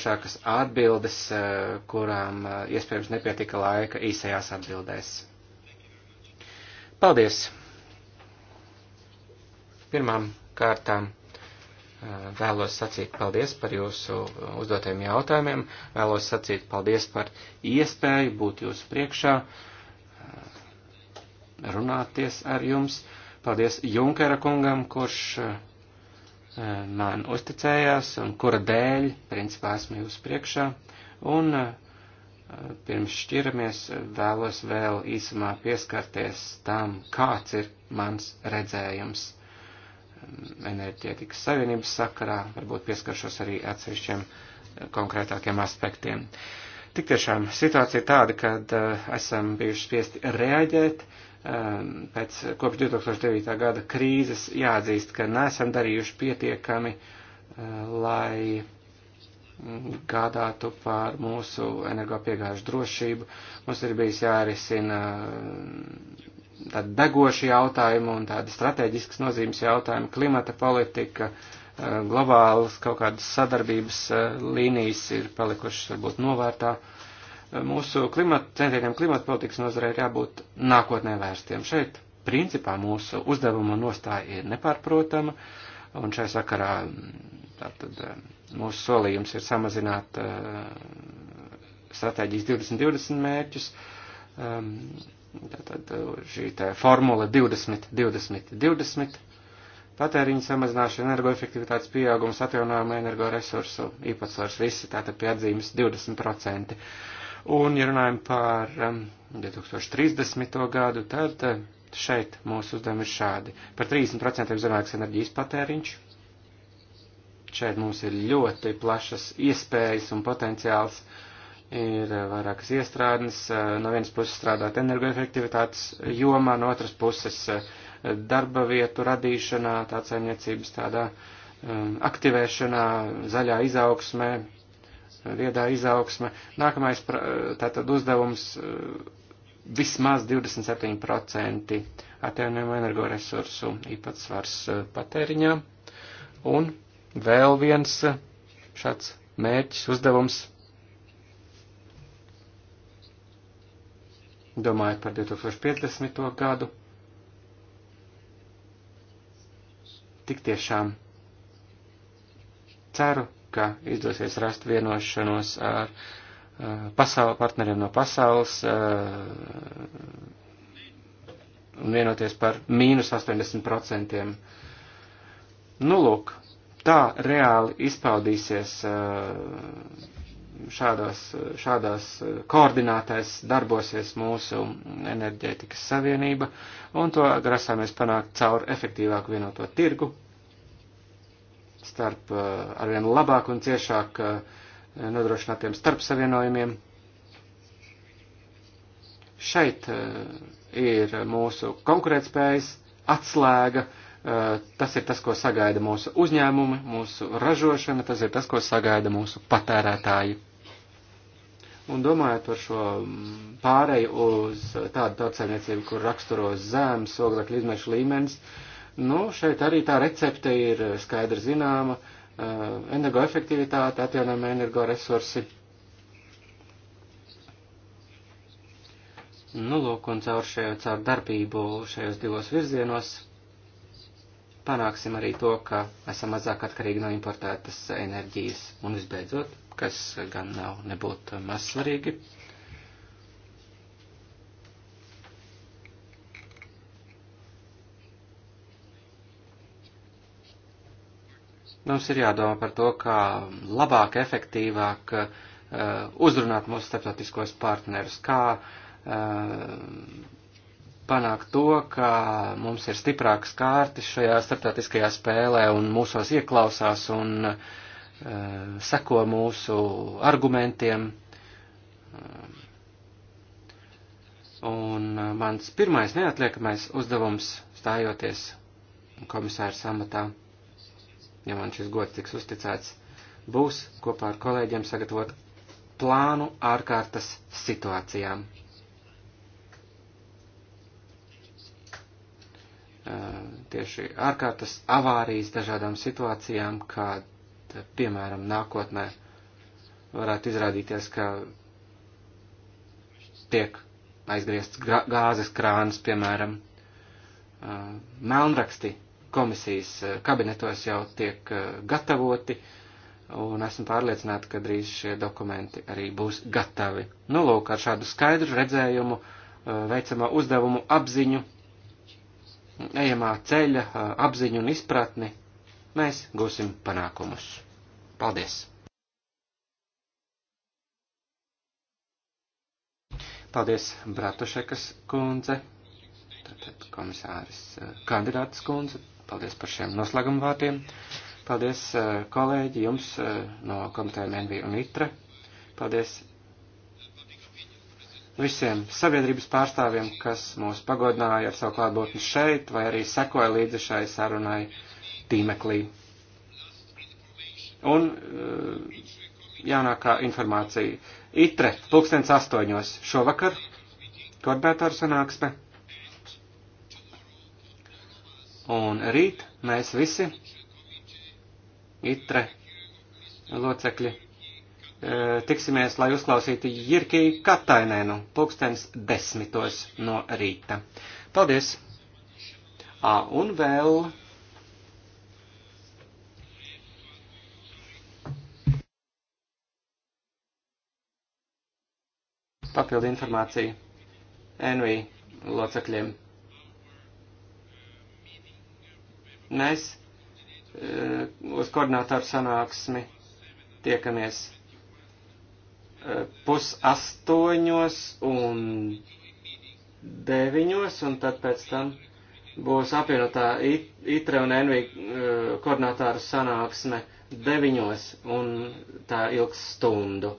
plašākas atbildes, eh, kurām eh, iespējams nepietika laika īsajās atbildēs. Paldies! Pirmām kārtām eh, vēlos sacīt paldies par jūsu uzdotajiem jautājumiem, vēlos sacīt paldies par iespēju būt jūsu priekšā, runāties ar jums. Paldies Junkera kungam, kurš Eh, man uzticējās un kura dēļ, principā, esmu jūs priekšā. Un eh, pirms šķiramies, vēlos vēl īsumā pieskarties tam, kāds ir mans redzējums eh, enerģētikas savienības sakarā, varbūt pieskaršos arī atsevišķiem konkrētākiem aspektiem. Tik tiešām situācija ir tāda, kad esam bijuši spiesti reaģēt, uh, Ehm, pēc kopš 2009. gada krīzes jāatzīst, ka nesam darījuši pietiekami, eh, lai mm, gādātu par mūsu energopiegāžu drošību. Mums ir bijis jārisina mm, tādi degoši jautājumi un tādi strateģiskas nozīmes jautājumi, klimata politika, ehm, globālas kaut kādas sadarbības eh, līnijas ir palikušas varbūt novērtā. Uh, mūsu klimata centieniem klimata politikas nozarē ir jābūt nākotnē vērstiem. Šeit principā mūsu uzdevuma nostāja ir nepārprotama, un šai sakarā tātad, mūsu solījums ir samazināt uh, stratēģijas 2020 mērķus. Um, tātad šī tā formula 20, 20, 20. Patēriņa samazināšana, energoefektivitātes pieaugums, atjaunojama energoresursu īpatsvars, visi tātad pie atzīmes 20%. Un, ja runājam par 2030. Um, gadu, tad uh, šeit mūsu uzdevumi ir šādi. Par 30% zemāks enerģijas patēriņš. Šeit mums ir ļoti plašas iespējas un potenciāls. Ir uh, vairākas iestrādnes, uh, no vienas puses strādāt energoefektivitātes jomā, no otras puses darba vietu radīšanā, tā saimniecības tādā um, aktivēšanā, zaļā izaugsmē, viedā izaugsme. Nākamais tātad uzdevums eh, vismaz 27% atjaunojamo energoresursu īpatsvars eh, patēriņā. Un vēl viens eh, šāds mērķis, uzdevums. Domājot par 2050. gadu, tik tiešām ceru, ka izdosies rast vienošanos ar eh, pasauli, partneriem no pasaules eh, un vienoties par mīnus 80%. Nu, lūk, tā reāli izpaudīsies eh, šādās, šādās koordinātēs darbosies mūsu enerģētikas savienība, un to grasāmies panākt caur efektīvāku vienoto tirgu, starp eh, arvien labāk un ciešāk eh, nodrošinātiem starpsavienojumiem. Šeit eh, ir mūsu konkurētspējas atslēga, tas ir tas, ko sagaida mūsu uzņēmumi, mūsu ražošana, tas ir tas, ko sagaida mūsu patērētāji. Un domājot par šo mm, pāreju uz tādu tautsēmniecību, kur raksturos zemes oglekļa izmešu līmenis, uh, Nu, šeit arī tā recepte ir skaidri zināma eh, - energoefektivitāte, atjaunojama energoresursi. Nu, lūk, un caur šajā, caur darbību šajos divos virzienos panāksim arī to, ka esam mazāk atkarīgi no importētas enerģijas. Un visbeidzot, kas gan nav nebūtu maz svarīgi, Mums ir jādomā par to, kā labāk, efektīvāk uh, uzrunāt mūsu starptautiskos partnerus, kā uh, panākt to, ka mums ir stiprākas kārtas šajā starptautiskajā spēlē un mūsos ieklausās un uh, seko mūsu argumentiem. Un uh, mans pirmais neatliekamais uzdevums stājoties komisāra samatā ja man šis gods tiks uzticēts, būs kopā ar kolēģiem sagatavot plānu ārkārtas situācijām. Tieši ārkārtas avārijas dažādām situācijām, kad, piemēram, nākotnē varētu izrādīties, ka tiek aizgriezts gāzes krāns, piemēram, melnraksti komisijas eh, kabinetos jau tiek eh, gatavoti, un esmu pārliecināta, ka drīz šie dokumenti arī būs gatavi. Nu, lūk, ar šādu skaidru redzējumu, eh, veicamā uzdevumu apziņu, ejamā ceļa apziņu un izpratni, mēs gūsim panākumus. Paldies! Paldies, Bratušekas kundze, tātad komisāris kandidātas kundze. Paldies par šiem noslēguma vārdiem. Paldies, eh, kolēģi, jums eh, no komitējiem NV un ITRE. Paldies visiem sabiedrības pārstāvjiem, kas mūs pagodināja ar savu klātbūtni šeit, vai arī sekoja līdzi šai sarunai tīmeklī. Un eh, jaunākā informācija. ITRE, pulkstens astoņos šovakar, koordinātora sanāksme. Un rīt mēs visi, itre locekļi, e, tiksimies, lai uzklausītu Jirkī Katainēnu pulkstens desmitos no rīta. Paldies! À, un vēl. Papildu informāciju NV locekļiem. mēs eh, uz koordinātoru sanāksmi tiekamies eh, pusastoņos un deviņos, un tad pēc tam būs apvienotā ITRE un NV eh, koordinātāru sanāksme deviņos, un tā ilgs stundu.